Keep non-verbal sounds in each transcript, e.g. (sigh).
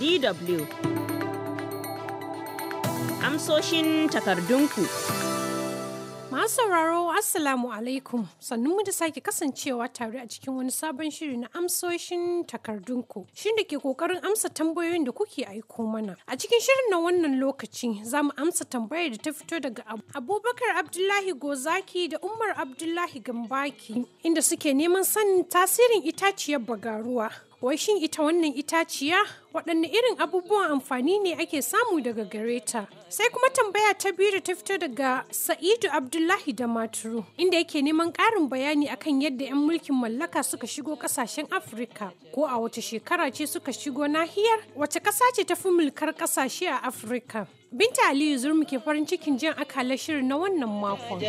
DW. Amsoshin takardunku. Masu sauraro Assalamu alaikum sannu mu da sake kasancewa tare a cikin wani sabon shiri na amsoshin takardunku shin da ke kokarin amsa tambayoyin da kuke aiko mana a cikin shirin na wannan lokaci za mu amsa tambayar da ta fito daga abubakar abdullahi gozaki da umar abdullahi gambaki inda suke neman sanin tasirin itaciyar bagaruwa Wai shin ita wannan itaciya waɗanne irin abubuwan amfani ne ake samu daga gare ta? Sai kuma tambaya ta biyu da ta fito daga Sa'idu Abdullahi da Maturu, inda yake neman ƙarin bayani akan yadda 'yan mulkin mallaka suka shigo ƙasashen Afirka, ko a wace shekara ce suka shigo nahiyar, wace ƙasa ce ta fi mulkar ƙasashe a Afirka? Binta Aliyu Zurmi ke farin cikin jin akalar shirin na wannan makon.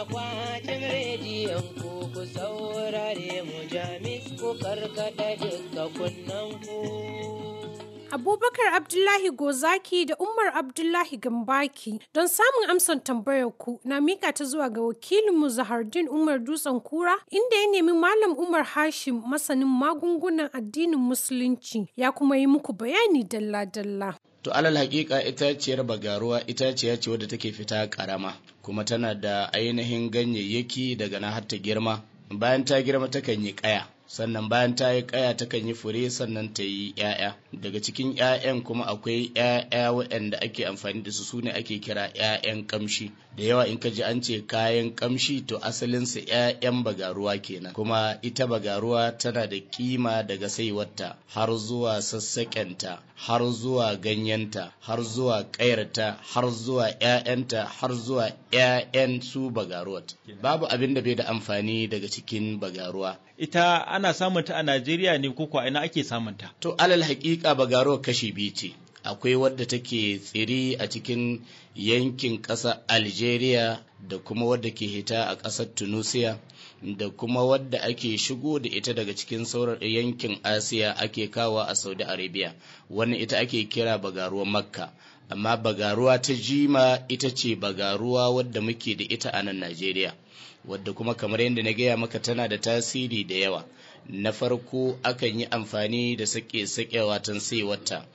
akwatin rediyon ku ku saurare mu jamis ku karkata dukkan kunnen ku. Abubakar Abdullahi Gozaki da Umar Abdullahi Gambaki don samun amsan tambayar ku na mika ta zuwa ga wakilinmu Zahardin Umar Dutsen Kura inda ya nemi Malam Umar Hashim masanin magungunan addinin Musulunci ya kuma yi muku bayani dalla-dalla. To alal hakika itaciyar bagaruwa itaciya ce wadda take fita karama kuma tana da ainihin ganyayyaki daga na har ta girma bayan ta girma takan yi kaya sannan bayan ta yi ƙaya takan yi fure sannan ta yi ‘ya'ya daga cikin ‘ya'yan kuma akwai ‘ya'ya waɗanda ake amfani da su su ne ake kira ‘ya'yan ƙamshi da yawa in ka ji an ce kayan ƙamshi to asalinsu ‘ya'yan bagaruwa kenan kuma ita bagaruwa tana da kima daga saiwarta har zuwa sassaƙenta har zuwa ganyenta har zuwa ƙayarta har zuwa ‘ya'yanta har zuwa ‘ya'yan su bagaruwat babu abin da bai da amfani daga cikin bagaruwa ita ana samunta a najeriya ne ko ina ake samunta to alal haƙiƙa bagaruwa kashi biyu ce akwai wadda take tsiri a cikin yankin ƙasa algeria da kuma wadda ke hita a ƙasar tunisia da kuma wadda ake shigo da ita daga cikin sauran yankin asiya ake kawa a saudi arabia wannan ita ake kira bagaruwa makka amma bagaruwa ta jima ita ce bagaruwa wadda muke da ita a nan najeriya wadda kuma kamar yadda na gaya maka tana da tasiri da yawa na farko akan yi amfani da sake-sake watan wata,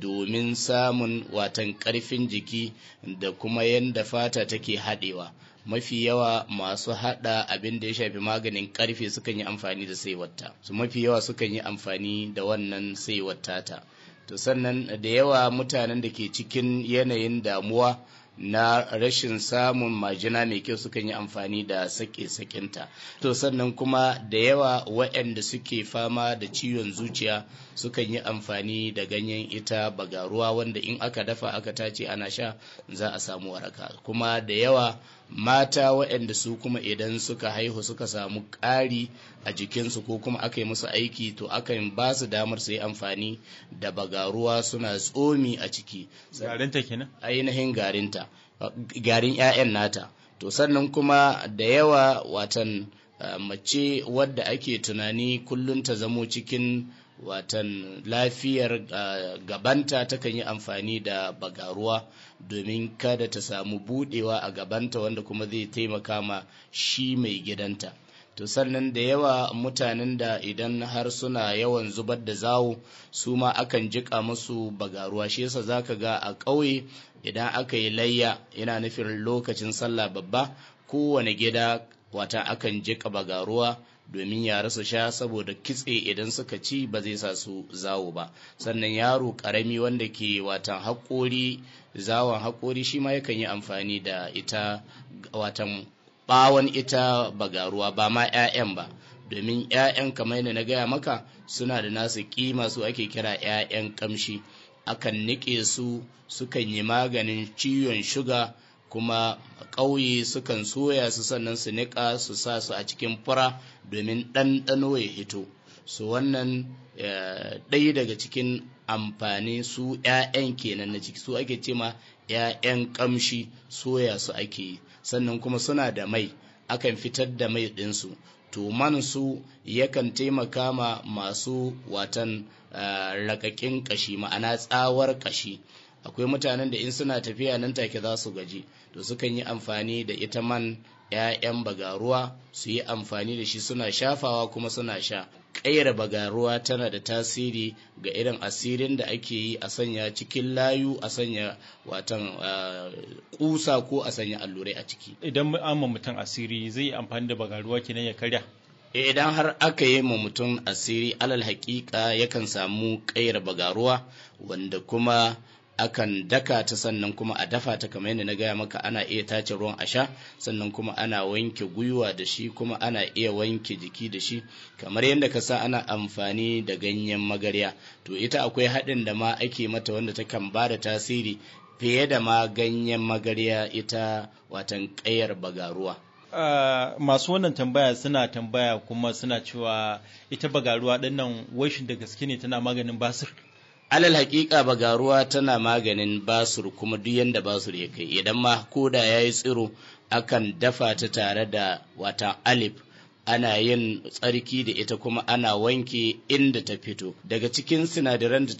domin samun watan ƙarfin jiki da kuma yadda fata take haɗewa mafi yawa masu hada abin da ya shafi maganin karfe sukan yi amfani da saiwata su mafi yawa sukan yi amfani da wannan saiwata ta to sannan da yawa mutanen da ke cikin yanayin damuwa na rashin samun majina mai kyau sukan yi amfani da sake saƙenta to sannan kuma da yawa waɗanda suke fama da ciwon zuciya sukan yi amfani da ganyen ita bagaruwa wanda in aka dafa aka tace ana sha za a samu waraka kuma da yawa mata waɗanda su kuma idan suka haihu suka samu ƙari a jikinsu ko kuma aka yi musu aiki to akan ba su damar su yi amfani da bagaruwa suna tsomi a ciki garinta kenan ainihin garinta garin 'ya'yan nata to sannan kuma da yawa watan eh, mace wadda ake tunani kullum ta zamo cikin watan lafiyar gabanta takan yi amfani da bagaruwa domin kada ta samu budewa a gabanta wanda kuma zai taimaka ma shi mai gidanta to sannan da yawa mutanen da idan har suna yawan zubar da zawo su ma akan jika musu bagaruwa shi yasa zaka ga a ƙauye idan aka yi layya yana nufin lokacin sallah babba kowane gida wata akan jika bagaruwa domin ya rasa sha saboda kitse idan suka ci ba zai sa su zawo ba sannan yaro karami wanda ke watan haƙori zawon haƙori shi ma yakan yi amfani da ita watan bawon ita bagaruwa ba ma 'ya'yan ba domin 'ya'yan kamar yadda na gaya maka suna da nasu kima su ake kira 'ya'yan kamshi akan niƙe su sukan yi maganin ciwon shuga kuma ƙauye sukan soya su sannan su niƙa su sa su a cikin fura domin ɗanɗano ya hito su wannan eh, ɗaya daga cikin amfani su 'ya'yan kenan na ciki su ake cema 'ya'yan ƙamshi soya su ake yi sannan kuma suna da mai akan fitar da mai ɗinsu to man su yakan taimaka ma masu watan eh, raƙaƙin ƙashi ma'ana tsawar ƙashi akwai mutanen da in suna tafiya nan take za su gaji to sukan yi amfani da ita man 'ya'yan bagaruwa su yi amfani da shi suna shafawa kuma suna sha ƙaira bagaruwa tana da tasiri ga irin asirin da ake yi a sanya cikin layu a sanya watan kusa ko a sanya allurai a ciki idan amma mutum asiri zai yi amfani da bagaruwa kenan ya karya eh, idan har aka yi ma mutum asiri alal haƙiƙa yakan samu ƙaira bagaruwa wanda kuma akan daka ta sannan kuma a dafa ta kamar yadda na gaya maka ana iya tace ruwan a sha sannan kuma ana wanke gwiwa da shi kuma ana iya wanke jiki da shi kamar yadda ka sa ana amfani da ganyen magarya to ita akwai haɗin da ma ake mata wanda ta kan ba da tasiri fiye da ma ganyen magarya ita watan ƙayar bagaruwa Uh, masu wannan tambaya suna tambaya kuma suna cewa ita bagaruwa ɗannan nan washin da gaske ne tana maganin basir alal haƙiƙa ruwa tana maganin basur kuma duk yanda basur ya kai idan ma koda ya yi tsiro akan dafa ta tare da wata alif ana yin tsarki da ita kuma ana wanke inda ta fito daga cikin sinadaran da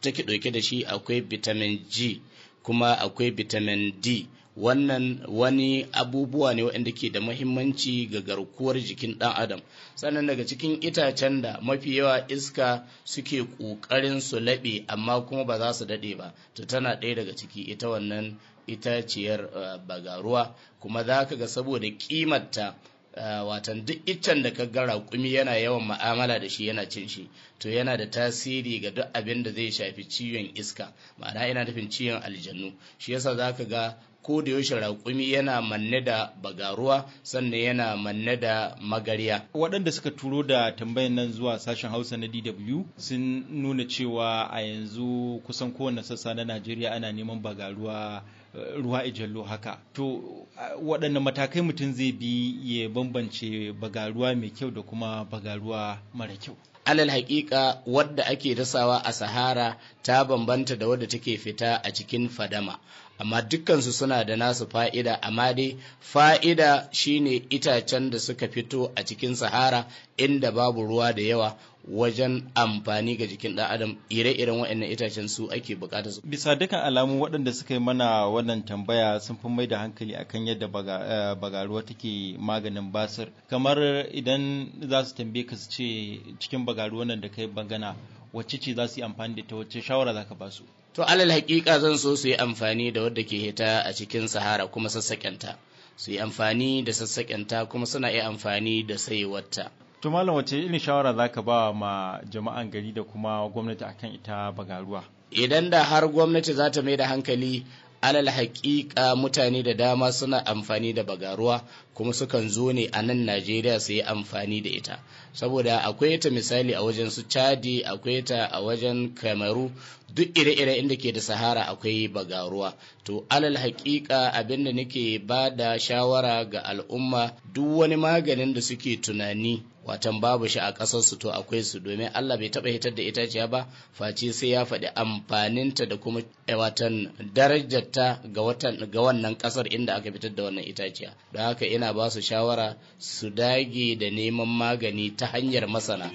take ɗauke da shi akwai vitamin g kuma akwai vitamin d wannan wani abubuwa ne waɗanda ke da mahimmanci ga garkuwar jikin ɗan adam sannan daga cikin itacen da mafi yawa iska suke ƙoƙarin su laɓe amma kuma ba za su daɗe ba to tana ɗaya daga ciki ita wannan itaciyar eh, bagaruwa kuma za ka ga saboda ƙimarta eh, watan duk iccen da ka gara raƙumi yana yawan ma'amala da shi yana cin shi to yana da tasiri ga duk abin da zai shafi ciwon iska ma'ana ina nufin ciwon aljannu shi yasa za ka ga ko da yaushe raƙumi yana manne da bagaruwa sannan yana manne da magarya. Waɗanda suka turo da tambayan nan zuwa sashen Hausa na DW sun nuna cewa a yanzu kusan kowane sassa na Najeriya ana neman bagaruwa eh, ruwa ijallo haka. To waɗanne matakai mutum zai bi ya bambance bagaruwa mai kyau da kuma bagaruwa mara kyau. alal haƙiƙa wadda ake dasawa a sahara ta bambanta da wadda take fita a cikin fadama amma dukkansu suna da nasu fa'ida amma dai fa'ida shine itacen da suka fito a cikin sahara inda babu ruwa da yawa wajen amfani ga jikin ɗan adam ire-iren waɗannan itacen su ake bukata su. Bisa dukkan alamu waɗanda suka yi mana wannan tambaya sun fi mai da hankali akan yadda eh, bagaruwa take maganin basir. Kamar idan za su tambaye ka su ce cikin bagaruwa nan da kai bangana wacce ce za su yi amfani da ta wacce shawara za ka ba su. To alal hakika zan so su yi amfani da wadda ke hita a cikin sahara kuma sassaƙenta. Su yi amfani da sassaƙenta kuma suna iya amfani da sayewarta. to wace irin shawara za ka ba ma jama'an gari da kuma gwamnati akan ita bagaruwa idan da har gwamnati za ta mai da hankali alal haƙiƙa mutane da dama suna amfani da bagaruwa kuma sukan zo ne a nan najeriya su yi amfani da ita saboda akwai ta misali a wajen su chadi akwai ta a wajen kamaru duk ire-ire inda ke da sahara akwai bagaruwa to alal haƙiƙa abinda nake ba da shawara ga al'umma duk wani maganin da suke tunani watan babu shi a ƙasar su to akwai su domin Allah bai taɓa hitar da itaciya ba face sai ya faɗi amfaninta da kuma eh, watan darajarta ga watan ga wannan ƙasar inda aka fitar da wannan itaciya don haka ina ba su shawara su dage da neman magani ta hanyar masana.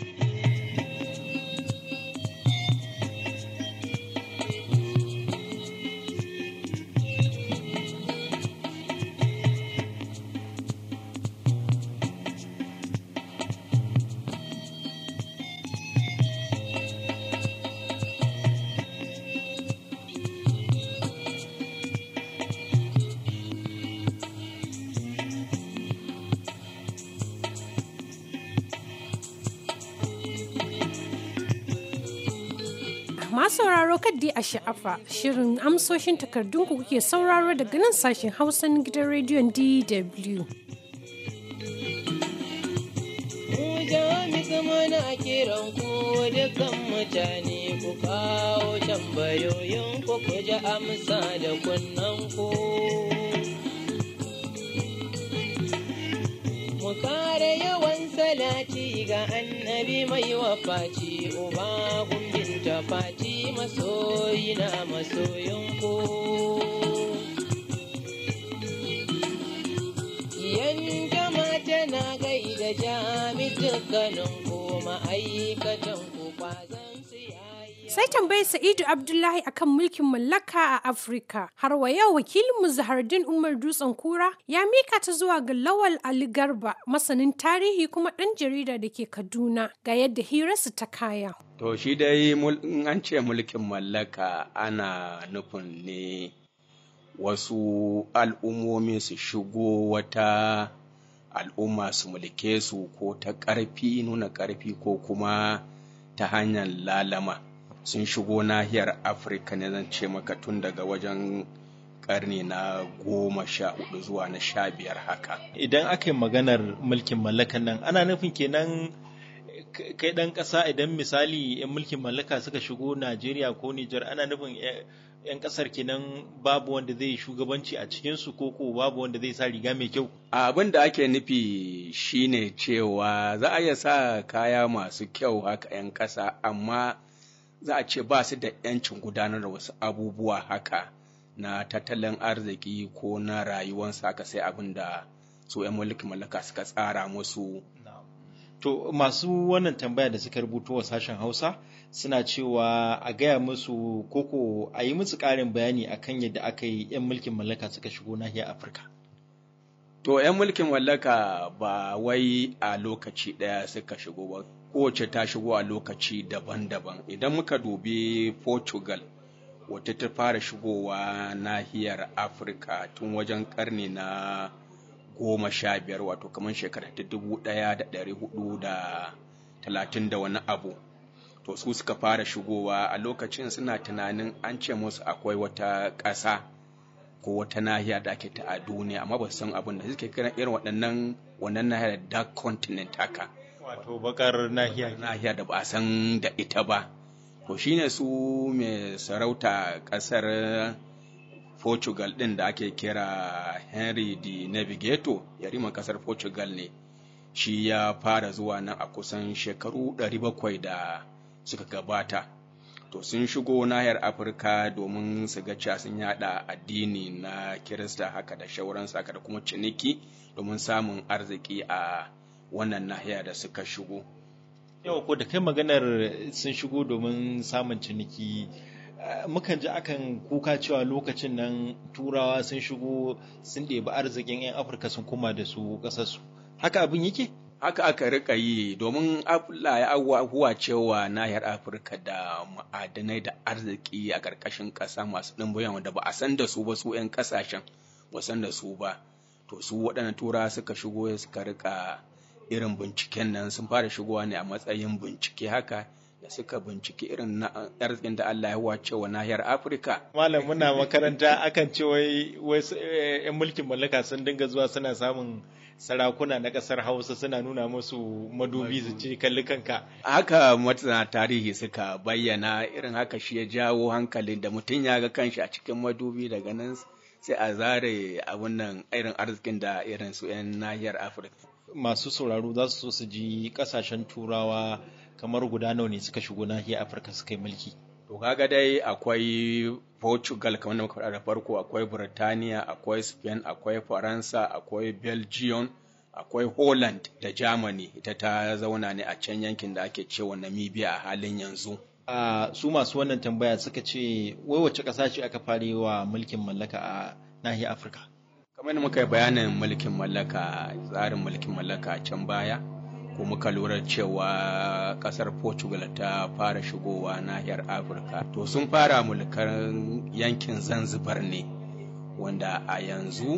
Masu sauraro kaddi a sha'afa shirin amsoshin takardunku kuke sauraro daga nan sashen hausan gidan rediyon DW. Jami zama na kiran ku dukkan mutane ku kawo tambayoyin ku ku ji amsa da kunnan ku. Mu kare yawan salaci ga annabi mai wafaci uba gumbin tafaci. masoyi na masoyin ku. Yanke mata na gaida jami dukkanin ku ma'aikatan Sai tambayar Sa'idu Abdullahi akan mulkin mallaka a Afirka. Har wa yau wakilinmu Zahardin Umar Dutsen Kura ya mika ta zuwa ga Lawal Ali Garba, masanin tarihi kuma ɗan jarida da ke Kaduna ga yadda hirarsu ta kaya. To shi dai in an ce mulkin mallaka ana nufin ne wasu al'ummomi su shigo wata al'umma su mulke su ko ta ƙarfi nuna ƙarfi ko kuma ta hanyar lalama. sun shigo nahiyar afirka ne zan ce maka tun daga wajen karni na goma sha hudu zuwa na sha biyar haka idan aka yi maganar mulkin mallakan nan ana nufin kenan kai dan kasa idan misali yan mulkin mallaka suka shigo najeriya ko nijar ana nufin yan kasar kenan babu wanda zai shugabanci a cikinsu ko ko babu wanda zai sa riga mai kyau abin da ake nufi shine cewa za a iya sa kaya masu kyau haka yan kasa amma za a ce ba su da 'yancin gudanar da wasu abubuwa haka na tattalin arziki ko na rayuwansu haka sai abin da su 'yan mulkin mallaka suka tsara musu to masu wannan tambaya da suka rubuto wa sashen hausa suna cewa a gaya musu koko a yi musu ƙarin bayani akan yadda aka yi 'yan mulkin mallaka suka shigo nahiyar afirka To, ‘yan mulkin wallaka ba wai a lokaci ɗaya suka shigo ba, kowace ta shigo a lokaci daban-daban. Idan muka dubi Portugal, wata ta fara shigowa nahiyar Afirka tun wajen ƙarni na goma sha biyar wato kamar shekara ta dubu ɗaya da ɗari hudu da talatin da wani abu. To, su suka fara shigowa a lokacin suna tunanin an ce musu akwai wata ƙasa. ko wata nahiya da ake ta a duniya amma ba san abin da suke kiran irin waɗannan wannan nahiyar dark continent haka wato bakar nahiya nahiya da ba san da ita ba to shine su mai sarauta ƙasar portugal ɗin da ake kira henry the navigator yariman ƙasar portugal ne shi ya fara zuwa nan a kusan shekaru 700 da suka gabata to sun shigo nahiyar afirka domin su ga cewa sun yada addini na kirista haka da shauransu haka da kuma ciniki domin samun arziki a wannan nahiya da suka shigo yau ko da kai maganar sun shigo domin samun ciniki eh, mukan ji akan kuka cewa lokacin nan turawa sun shigo sun ɗebi arzikin 'yan afirka sun koma da su ƙasarsu haka abin yake haka aka rika yi domin allah ya abubuwa cewa nahiyar afirka da ma'adanai da arziki a ƙarƙashin ƙasa masu ɗimbiyan wanda ba a san da su ba su 'yan ƙasashen ba san da su ba to su waɗanda tura suka shigo suka rika irin binciken nan sun fara shigowa ne a matsayin bincike haka da suka binciki irin na arzikin da Allah ya wace wa nahiyar Afirka. Malam muna makaranta akan ce wai eh, mulkin mallaka sun dinga zuwa suna samun sarakuna na ƙasar hausa suna nuna musu madubi su ci kalli kanka haka matana tarihi suka bayyana irin haka shi ya jawo hankalin da mutum ya ga kanshi a cikin madubi daga nan sai a zare abun nan irin arzikin da irin su 'yan nahiyar afirka masu sauraro za su so su ji kasashen turawa kamar guda nawa ne suka shigo nahiyar afirka suka yi mulki to kaga dai akwai portugal kamar da muka faɗa da farko akwai burtaniya akwai spain akwai faransa akwai belgium akwai holland da germany ita ta zauna ne a can yankin da ake cewa namibia a halin yanzu a su masu wannan tambaya suka ce wai wacce ƙasa ce aka fare wa mulkin mallaka a nahiyar afirka kamar muka yi bayanin mulkin mallaka tsarin mulkin mallaka a can baya ko muka lura cewa kasar portugal ta fara shigowa nahiyar afirka to sun fara mulkar yankin zanzibar ne wanda a yanzu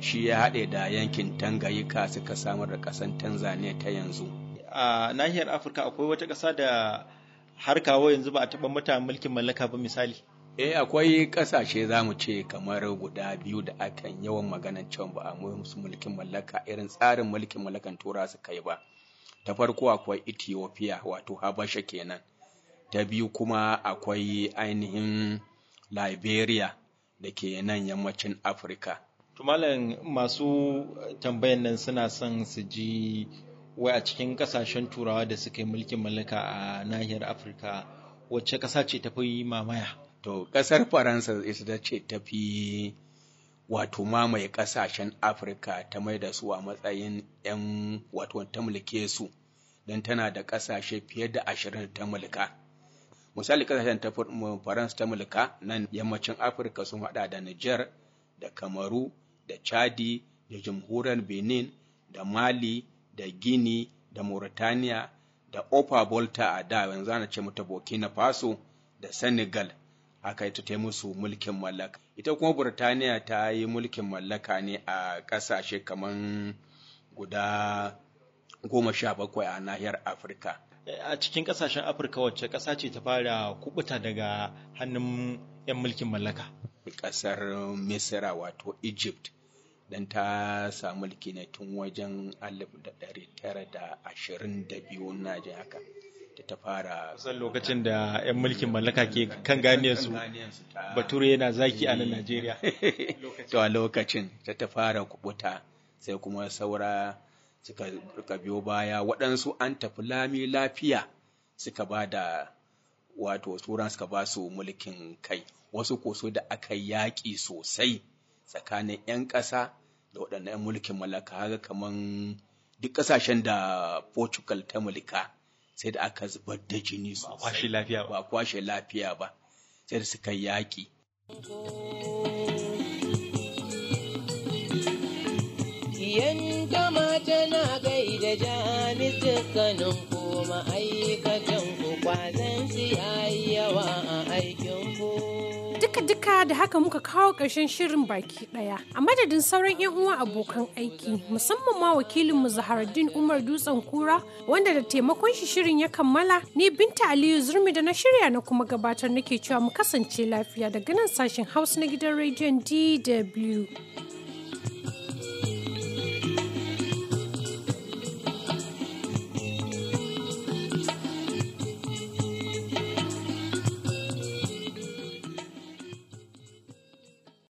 shi ya haɗe da yankin tangayika suka samar da ƙasar tanzania ta yanzu a nahiyar afirka akwai wata ƙasa da har kawo yanzu ba a taɓa mata mulkin mallaka ba misali eh akwai kasashe za mu ce kamar guda biyu da akan yawan maganan cewa ba a musu mulkin mallaka irin tsarin mulkin mallakan tura su kai ba ta farko akwai ethiopia wato habasha kenan ta biyu kuma akwai ainihin liberia da ke nan yammacin afirka Tumalin masu tambayan nan suna son su ji wai a cikin kasashen turawa da suka yi mulkin mallaka a nahiyar afirka wacce ƙasa ce tafi mamaya to ƙasar faransa ita ce tafi wato mai ƙasashen afirka ta mai da su a matsayin 'yan wato ta mulke su don tana da ƙasashe fiye da ashirin ta mulka misali ƙasashen ta faransa ta mulka nan yammacin afirka sun haɗa da niger da kamaru da chadi da jamhuriyar benin da mali da gini da mauritania da opa volta a da yanzu ana ce mata burkina faso da senegal aka yi ta musu mulkin mallaka ita kuma burtaniya ta yi mulkin mallaka ne a ƙasashe kamar guda goma sha bakwai a nahiyar afirka a cikin ƙasashen afirka wacce ƙasa ce ta fara kubuta daga hannun 'yan mulkin mallaka ƙasar misira wato egypt don ta samu mulki ne tun wajen 1922 na haka da ta fara kusan lokacin da 'yan mulkin mallaka ke kan ganiyarsu bature yana zaki a nan najeriya (laughs) to a lokacin ta ta fara kubuta sai kuma saura suka biyo baya waɗansu an tafi lami lafiya suka ba da wato turan suka ba su mulkin kai wasu koso da aka yaƙi sosai tsakanin 'yan ƙasa da waɗannan 'yan mulkin mallaka haka kamar duk ƙasashen da portugal ta mulka sai da aka zubar da jini ba kwashe lafiya ba kwashe lafiya ba sai da suka yaƙi Yan kama na gaida jami'in kanin ko ma'aika. haka da haka muka kawo ƙarshen shirin baki ɗaya. A madadin sauran 'yan uwa abokan aiki, musamman ma wakilin mu Zaharaddin Umar Dutsen Kura, wanda da taimakon shi shirin ya kammala, ni Binta Aliyu Zurmi da na shirya na kuma gabatar nake cewa mu kasance lafiya daga nan sashen Hausa na gidan rediyon DW.